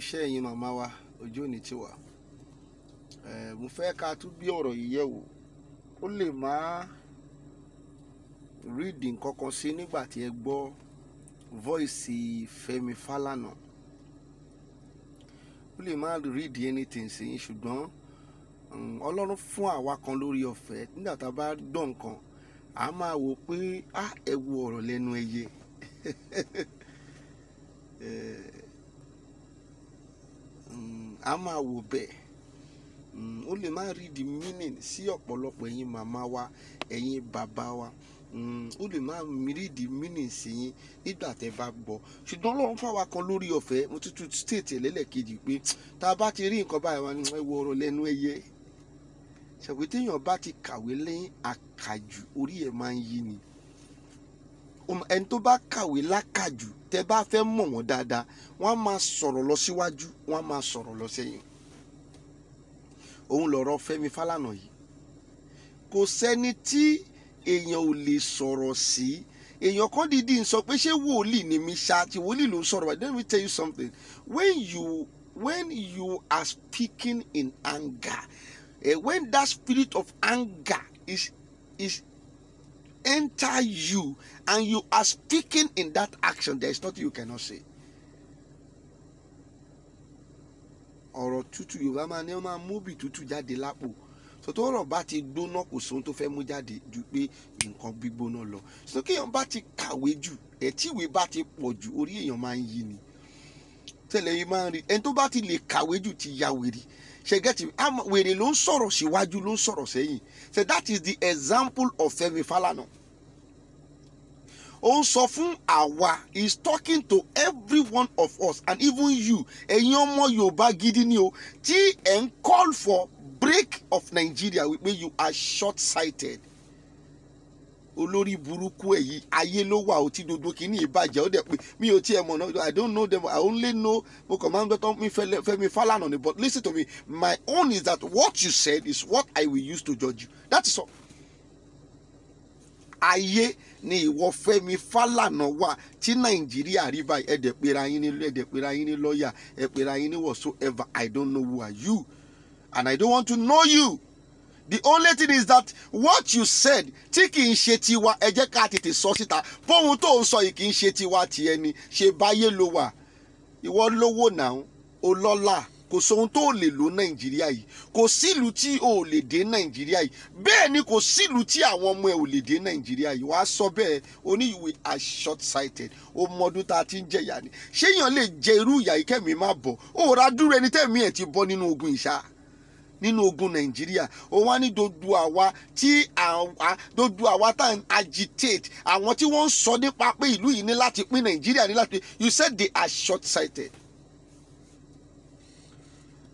iṣẹ́ ẹ̀yin màmá wa ọjọ́ òní ti wà mo fẹ́ ká tún bí ọ̀rọ̀ yìí yẹ̀ wò ó lè má rídìí nǹkan sí nígbà tí ẹ gbọ́ voice Fẹ́mi Fálànà ó lè má rídìí anything sí ṣùgbọ́n mm, Ọlọ́run fún àwa kan lórí ọ̀fẹ́ nígbà tá a bá gbọ́ nǹkan a máa wò pé ah, ẹ wo ọ̀rọ̀ lẹ́nu ẹyẹ. a máa wò bẹ́ẹ̀ mm, ó lè má rí the meaning sí ọ̀pọ̀lọpọ̀ ẹ̀yin màmá wa ẹ̀yin bàbá wa mm, ó lè má rí the meaning sí yín nígbà tẹ́ bá gbọ́ ṣùgbọ́n ọlọ́run fáwa kan lórí ọ̀fẹ́ mo tútù state ẹlẹ́lẹ́kejì pé tá a bá ti rí nǹkan báyìí wá ní ẹwọ ọ̀rọ̀ lẹ́nu ẹyẹ ṣàpètèyàn bá ti kàwé lẹ́yìn àkàjù orí ẹ̀ máa ń yí ni. Um, ẹni tó bá kàwé lákàjù tẹ bá fẹ́ mọ̀ wọ́n dáadáa wọ́n á máa sọ̀rọ̀ lọ síwájú wọ́n á máa sọ̀rọ̀ lọ sẹ́yìn òun lọ̀rọ̀ Fẹ́mi Fálànà yìí kò sẹ́ni tí èèyàn ò lè sọ̀rọ̀ sí èèyàn kan dìídì ń sọ pé ṣé wòlíì ni mi ṣá àti wòlíì ló ń sọ̀rọ̀ but let me tell you something when you when you are speaking in anger eh, when that spirit of anger is is enter you and you are speaking in that action, there is nothing you cannot say. ọ̀rọ̀ tútù yorùbá máa ní ọ máa mú bí tútù jáde lápò so ọ̀rọ̀ bá ti gbóná kò sóhun tó fẹ́ mú jáde ju pé nǹkan gbígbóná lọ so kéèyàn bá ti kàwé jù ẹ̀ bá ti pọ̀ jù orí èèyàn máa ń yí ni tẹ̀lé yìí máa ń rí ẹni tó bá ti lè kàwé jù ti ya wèrè ṣẹgẹ́tì wèrè ló ń sọ̀rọ̀ síwájú ló ń sọ̀rọ̀ sẹ́yìn so that is the example of Fẹ́mi Falana ó ń sọ fún àwa he is talking to every one of us and even you ẹ̀yin ọmọ Yorùbá gidi ni o tí ẹ̀ ń call for break of Nigeria wípé you are short-sighted olórí burúkú ẹ̀ yìí ayé ló wà ó tí gbogbo kìíní ìbàjẹ́ ó dẹ̀ pé mi ò tiẹ̀ mọ̀ náà i don't know them i only know mo kàn máa ń gbọ́ tán mi Fẹ́mi Fálànà ni but listen to me my own is that what you said is what i will use to judge you that is all ayé ni ìwọ Fẹ́mi Fálànà wà tí nàìjíríà rí báyìí ẹdẹ pera yín ní ẹdẹ pera yín ní lọ́ọ̀yà ẹ pera yín ní whatsoever i don't know who are you and i don't want to know you the only thing is that what you said tí kì í ṣe tiwa ẹ jẹ́ ká tètè sọ síta fóun tó ń sọ yìí kì í ṣe tiwa tiẹ̀ ni ṣe báyé ló wà ìwọ lówó náà ó lọ́lá kò sóhun tó lè lò nàìjíríà yìí kò sílùú tí o ò lè dé nàìjíríà yìí bẹ́ẹ̀ ni kò sílùú tí àwọn ọmọ ẹ ò lè dé nàìjíríà yìí wàá sọ bẹ́ẹ̀ oníìwé are short sighted ó mọdún tá a ti ń jẹ̀yà ni ṣéèyàn lè jẹ irú ìyà yìí kẹ́mi má bọ̀ ó dúró ẹni tẹ́mi ẹ̀ ti bọ́ nínú ogun ìṣá nínú ogun nàìjíríà ó wá ní dodo àwa tí àwa dodo àwa tá à agitate àwọn tí wọ́n ń sọ nípa pé ìlú yìí ní láti pín nàìjíríà ní láti you said they are short sighted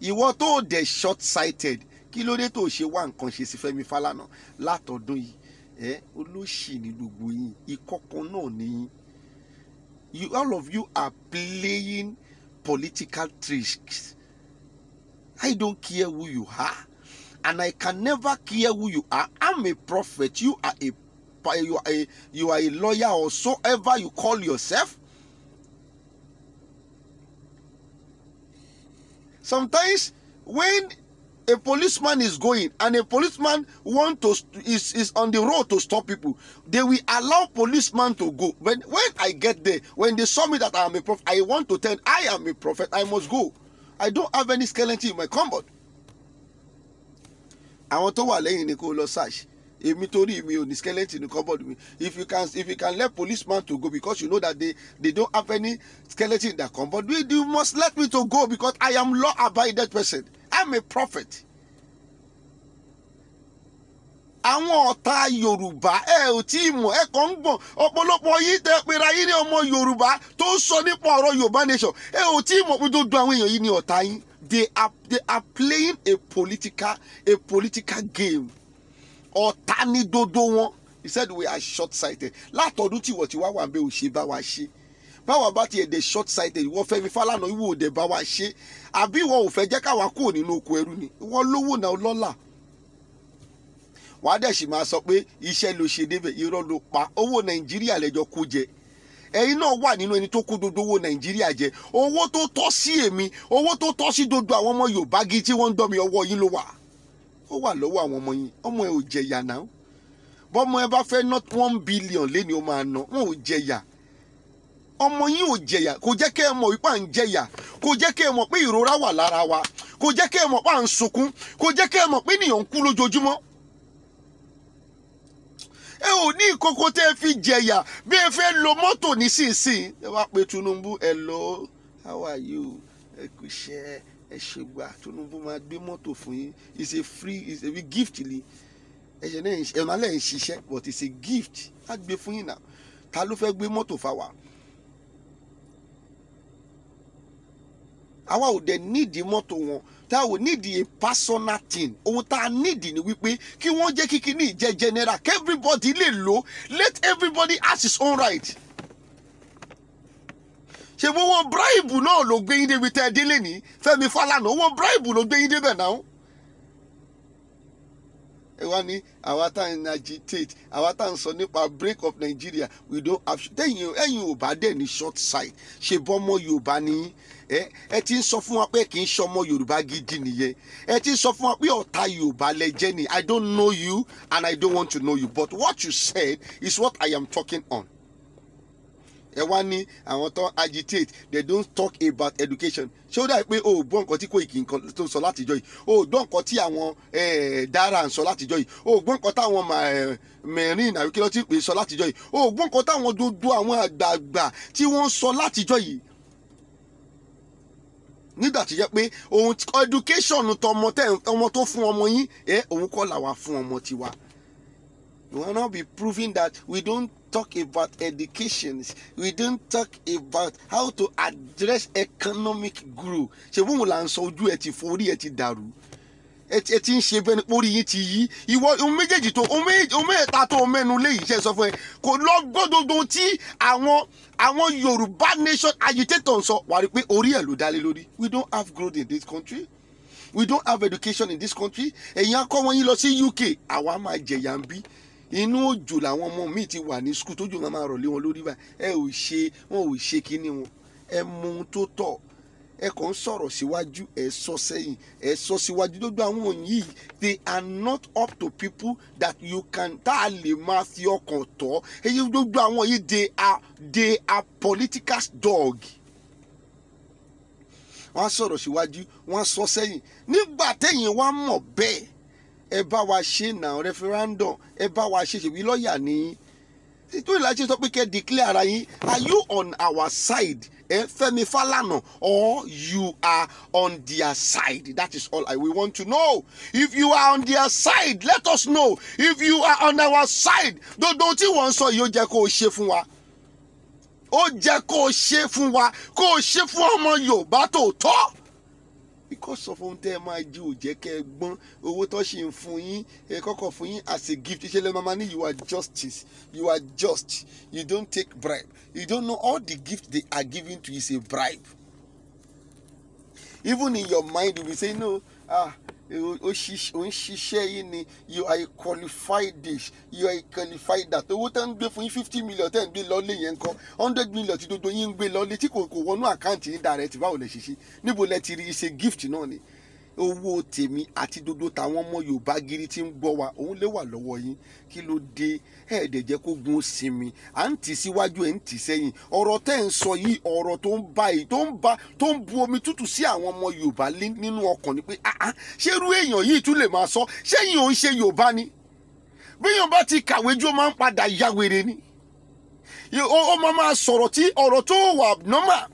ìwọ tó dẹ̀ short sighted kí ló dé tó ṣe wá nǹkan ṣe sí Fẹ́mi Fálànà látọdún yìí ẹ olóṣì ní gbogbo yín ikọ́ náà nìyí you all of you are playing political tricks I don't care who you are, and I can never care who you are. I'm a prophet. You are a you are a you are a lawyer or so ever you call yourself. Sometimes when a policeman is going and a policeman want to is is on the road to stop people they will allow policeman to go when when i get there when they saw me that i am a prophet i want to tell i am a prophet i must go I don't have any skeleton in my cupboard. àwọn tó wà lẹ́yìn ni kó lọ search èmi torí mi ò ní skeleton ní cupboard mi if you can if you can let policeman to go because you know that they they don't have any skeleton in their cupboard you must let me to go because I am law abiding person I'm a prophet àwọn ọ̀tá yorùbá ẹ ò tí ì mọ̀ ẹ kàn ń gbọ̀n ọ̀pọ̀lọpọ̀ yìí tẹ pera yín ní ọmọ yorùbá tó sọ nípa ọ̀rọ̀ yorùbá nation ẹ ò tí ì mọ̀ pé gbogbo àwọn èèyàn yìí ni ọ̀tá yín they are they are playing a political a political game ọ̀tá ní dodo wọn he said we are short sighted látọ̀dún tí ìwọ̀ tí wá wà ń bẹ́ ò ṣe bá wa ṣe báwa bá tiẹ̀ dé short sighted ìwọ fẹ́ fi Fálànà ìwọ òde bá wa ṣe àbí ìwọ ò fẹ́ jẹ́ káwa kúrò nínú oko ẹrú ni ìwọ lówó náà lọ́là wàá dẹ̀ sì máa sọ pé iṣẹ́ ló ṣe débẹ̀ irọ́ ló pa owó nàìjíríà lẹ́jọ́ kó jẹ ẹ̀yin náà wà nínú ẹni tó kó dodo owó nàìjíríà jẹ owó tó tọ́ sí èmi owó tó tọ́ sí dodo àwọn ọmọ yorùbá gi tí wọ́n ń dọ́ mi ọwọ́ yín ló wà ó wà lọ́wọ́ àwọn ọmọ yín ọmọ ẹ ò jẹ̀yà náà bọ́mọ ẹ bá fẹ́ ná one billion lẹ́ni ó máa ná wọn ò jẹ̀yà ọmọ yín ò jẹ̀yà kò jẹ́ kẹ́ ẹ mọ̀ wípé à ń jẹ̀yà kò jẹ́ kẹ́ ẹ mọ̀ pé ìrora wà lára wa kò jẹ́ kẹ́ ẹ mọ̀ pé à ń sunkún kò jẹ́ kẹ́ ẹ mọ̀ pé ènìyàn ń kú lójoojúmọ́ ẹ ò ní ìkókó tẹ́ fi jẹ̀yà bí ẹ fẹ́ lo mọ́tò nísinsìnyí ẹ wá pe Tinubu hello how are you ẹ kò ṣe ẹ ṣe Tinubu máa gbé mọ́tò fún yín it's a free it's a gift ni ẹ̀ṣẹ̀ náà ẹ̀nà alẹ́ ń ṣiṣẹ́ but it's a gift á gbé fún yín náà ta ló fẹ́ gbé mọ́tò fáwa àwa ò dẹ̀ nídìí mọ́tò wọn tá a ò nídìí a personal thing ohun tá a nídìí ni wípé kí wọ́n jẹ́ kíkí ní ìjẹ́ general kí everybody lè lò let everybody ask his own right. ṣé bó wọn bíráìbù náà ló gbé yín débi tẹ́ ẹ délé ní Fẹ́mi Fálànà wọn bíráìbù ló gbé yín débẹ̀ náà ẹ wá ní àwa tá à ń agitate àwa tá à ń sọ nípa break up Nigeria we don't have tẹ̀yìn ẹ̀yìn ò bá dẹ̀ ní short side ṣe bọ́mọ Yorùbá nìyí ẹ ẹ ti ń sọ fún wa pé kì í ṣọmọ yorùbá gidi nìyẹn ẹ ti ń sọ fún wa pé ọ̀tá yorùbá lẹ ni i don't know you and i don't want to know you but what you said is what i am talking on ẹ wá ní àwọn tó agitate they don't talk about education ṣé ó dàbí pé o ò gbọ́ nǹkan tí kò ìkì nǹkan tó ń sọ látijọ́ yìí o ò gbọ́ nǹkan tí àwọn dára ń sọ látijọ́ yìí o ò gbọ́ nǹkan táwọn mẹ́rin àríkí lọ́tí pè sọ látijọ́ yìí o ò gbọ́ nǹkan táwọn dodo àwọn àgbààgbà tí wọ́n sọ látijọ́ yìí nígbà tó jẹ́ pé ohun education tọmọ tẹ ọmọ tó fún ọmọ yín ẹ òun kọ́ làwa fún ọmọ tiwa you wanna be proving that we don't talk about educations we don't talk about how to address economic growth ṣe fún wọn là ń sọ ojú ẹ ti forí ẹ ti dàrú ẹ ti ń ṣe bẹ́ẹ̀ ni orí yín ti yí ìwọ ohun méjèèjì tó ohun mẹ́ta tó mẹ́nu lé yìí ṣe sọ fún ẹ kò lọ gbódòdó tí àwọn àwọn Yorùbá nation agitator ń sọ wà rí pé orí ẹ̀ ló dálé lórí we don't have growth in this country we don't have education in this country ẹ̀yin akọ́ wọn yín lọ sí UK àwa máa jẹ̀yà ń bí inú òjò làwọn ọmọ míì ti wà ní skul tójú wọn máa rọ̀ lé wọn lórí báyìí ẹ ò ṣe wọn ò ṣe kíní wọn ẹ mú un tó tọ́ ẹ kàn ń sọ̀rọ̀ síwájú ẹ sọ sẹ́yìn ẹ sọ síwájú gbogbo àwọn wọ̀nyí they are not up to people that you can tá a lè máa fi ọkàn tọ́ èyí gbogbo àwọn yìí they are they are political dog wọ́n á sọ̀rọ̀ síwájú wọ́n á sọ sẹ́yìn nígbà tẹ̀yìn wá mọ̀ bẹ́ẹ̀ ẹ bá wa ṣe náà referendum ẹ bá wa ṣe ṣèwí lọ́ọ̀yà nìyí tó ìlà ṣe sọ pé kẹ́ declare ara yín are you on our side eh, Fẹ́mi Falana or you are on their side that is all I we want to know if you are on their side let us know if you are on our side dodo tí wọ́n ń sọ yìí ó jẹ́ kó o ṣe fún wa ó jẹ́ kó o ṣe fún wa kó o ṣe fún ọmọ Yorùbá tòótọ́ because of ohun tẹ́ ẹ máa ju òjẹ́ kẹ́ ẹ gbọ́n owó tó ṣì ń fún yín ẹ kọ́kọ́ fún yín as a gift ìṣẹ̀lẹ̀ mama ni you are justice you are just you don't take bribe you don't know all the gift they are giving to you is a bribe even in your mind you be say no ah ó ń ṣiṣẹ́ yìí ni you are a qualified dish you are a qualified that owó tẹ́ ń gbé fún yín fifty million tẹ́ ń gbé lọ́lé yẹn kọ́ hundred million tí dodo yín ń gbé lọ́lé tí kò kò wọnú àkáǹtì yín direct báwo lè ṣiṣẹ́ níbo lẹ ti rí iṣẹ́ gift náà ni owó tèmi àti dodo táwọn ọmọ yorùbá giri ti ń gbọ́ wa òun lè wà lọ́wọ́ yín kí ló dé ẹ̀ẹ́dẹ̀ jẹ́ kó gun sinmi à ń tì síwájú ẹ̀ ń tì sẹ́yìn ọ̀rọ̀ tẹ́ ń sọ yìí ọ̀rọ̀ tó ń ba yìí tó ń ba tó ń bu omi tútù sí àwọn ọmọ yorùbá nínú ọkàn ni pé ah, ah, ṣerú èèyàn yìí tún lè máa sọ ṣẹ́yìn òun ṣe yorùbá ni bí èèyàn bá ti kàwé jó máa ń padà ya wèrè ni ó máa máa sọ̀rọ̀ tí ọ̀rọ̀ tó wà normal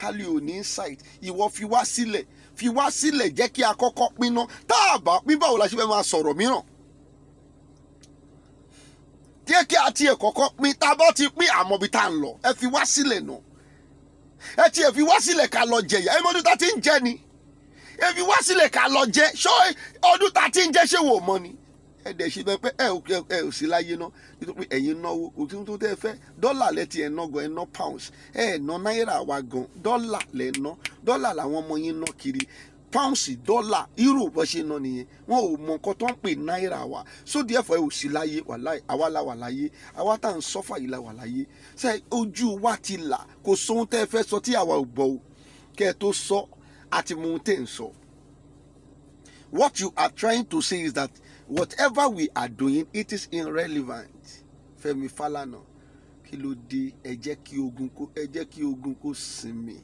kálí ò ní insight ìwọ fi wá sílẹ̀ fi wá sílẹ̀ jẹ́ kí a kọ́kọ́ pinná tá a bá pín báwo la ṣe fẹ́ máa sọ̀rọ̀ mìíràn jẹ́ kí a tiẹ̀ kọ́kọ́ pín tá a bá ti pín àmọ́bi tá a ń lọ ẹ fi wá sílẹ̀ náà ẹ tiẹ̀ fi wá sílẹ̀ ká lọ jẹ̀yà ẹ mọ́dún tá a ti ń jẹ ni ẹ fi wá sílẹ̀ ká lọ jẹ ṣọ́ ọdún tá a ti ń jẹ ṣé wò mọ́ ni ẹ dẹ̀ ṣe bẹ́ẹ̀ pé ẹ ò ẹ ò sí láyé ná nítorí ẹ̀yin náwó òtún tó tẹ́ fẹ́ dọ́là lẹ́tì ẹ̀ ná ẹ̀ ná pounds ẹ̀ ná náírà wa gan dọ́là lẹ̀ ná dọ́là làwọn ọmọ yín ná kiri pounds dọ́là euro bó ṣe ná nìyẹn wọn ò mọ nǹkan tó ń pè náírà wa so therefore ẹ ò sí láyé àwa la wà láyé àwa tá à ń sọ́fà yìí la wà láyé ṣe ojú wa ti là kò sóhun tẹ́ fẹ́ sọ tí àwa ò gbọ́ o kẹ́ ẹ tó sọ àti mú tẹ̀ ń sọ what you are trying to say is that whatever we are doing it is irrelevant Fẹ́mi Falana kí ló dé ẹ jẹ́ kí ogun kó ẹ jẹ́ kí ogun kó sinmi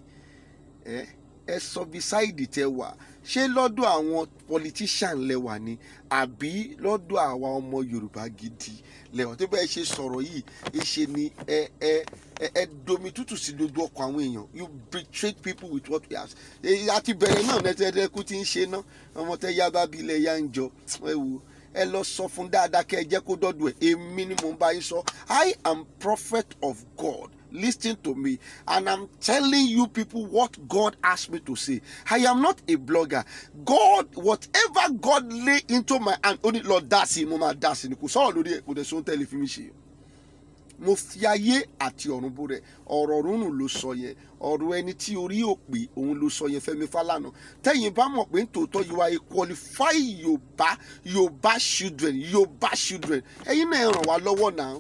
ẹ ẹ sọ bisaidi tẹ wà ṣé lọ́dọ̀ àwọn politician lẹ́wà ni àbí lọ́dọ̀ àwa ọmọ Yorùbá gidi lẹ́wà tó bẹ́ẹ̀ ṣe sọ̀rọ̀ yìí ìṣe ni ẹ ẹ ẹ ẹ domi tútù sí gbogbo ọkọ̀ àwọn èèyàn you betray people with what you have àti bẹ̀rẹ̀ náà nẹ́tẹ́ẹ́dẹ́kú ti ń ṣe náà ọmọ tẹ́ yá bábí ilẹ̀ yá ń jọ ẹ wo ẹ lọ sọ fún dáadáa kẹ́ ẹ jẹ́ kó dọ́dọ̀ ẹ̀ èmi ni mò bá yín sọ I am prophet of God listen to me and i'm telling you people what god asked me to say i am not a blogger god whatever god lay into my hand ó ní lọ dá sí i mo máa dá sí i ni kò sọ̀rọ̀ lórí ẹ̀ kò dẹ̀ sóhun tẹ́lẹ̀ fi mi ṣe mo fi ayé àti ọ̀run bo rẹ̀ ọ̀rọ̀ rúnrún ló sọ yẹn ọ̀rọ̀ ẹni tí orí ò pé òun ló sọ yẹn Fẹ́mi Fálànà tẹ́yìn bá mọ̀ pé nítòótọ́ you are qualify Yorùbá Yorùbá children Yorùbá children ẹ̀yin náà ràn wá lọ́wọ́ náà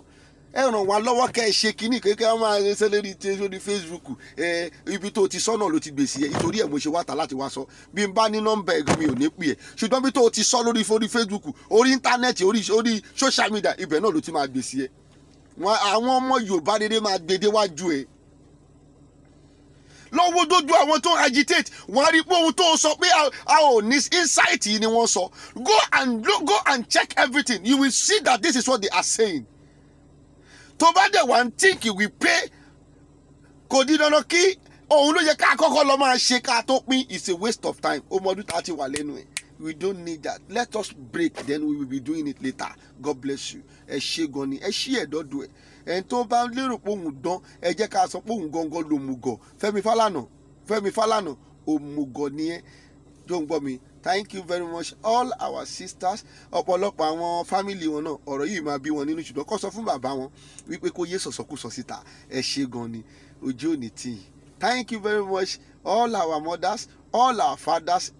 ẹ ràn wá lọ́wọ́ kẹ́ ẹ ṣe kínní kékeré wọn máa ṣe lérí tí Facebook ẹ ibi tó ti sọ́nà ló ti gbèsè ẹ nítorí ẹ̀ mo ṣe wá tà láti wá sọ bí n bá ní nọ́mbà ẹ̀gbọ́n mi ò ní pè ẹ́ ṣùgbọ́n bí tó ti sọ lórí Facebook orí íńtánẹ́ẹ̀tì orí social media ibẹ̀ náà ló ti máa gbèsè ẹ àwọn ọmọ Yorùbá rere máa gbèdé wájú ẹ lọ́wọ́ dójú àwọn tó agitate wọ́n á rí pé ohun tó sọ pé a ò ní insight yìí ni wọ́n sọ go and go and check everything you will see that this is what they are saying tó bá dẹ̀ wá ń tíǹkì wípé kò di dandan kí òun ló yẹ ká kọ́kọ́ lọ máa ṣe ká tó pín it's a waste of time ó mọ ọdún tá a ti wà lẹ́nu ẹ̀ we don't need that let us break then we will be doing it later god bless you ẹ ṣe gan ni ẹ ṣí ẹ̀dọ́ do ẹ̀ ẹni tó bá lérò pé òun dán ẹ jẹ́ ká sọ pé òun gangan ló mú gọ̀ fẹ́mi fálànà fẹ́mi fálànà òmùgọ̀ ni ẹ tó ń gbọ́ mi thank you very much all our sisters ọ̀pọ̀lọpọ̀ àwọn fámìlì wọn náà ọ̀rọ̀ yìí máa bí wọn nínú ṣùgbọ́n kó sọ fún bàbá wọn wípé kó yé sọ̀sọ̀kùsọ síta ẹ ṣe gan ni ojú ò ní tì thank you very much all our mothers all our fathers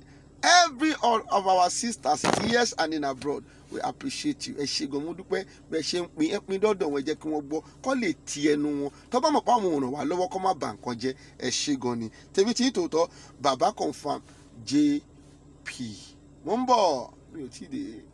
every all of our sisters here and in abroad we appreciate you ẹ ṣe gan mo dúpẹ́ bẹ́ẹ̀ ṣe ń pin ẹ pin dọ́dọ̀ wọn ẹ jẹ́ kí wọ́n gbọ́ kọ́ lè ti ẹnu wọn tó bá mọ̀ pé àwọn òràn wà lọ́wọ́ kọ́ má bà nǹkan jẹ́ ẹ ṣe gan ni tèmi tí tòótọ́ bàbá confam jp mo ń mi ò tí ì dé.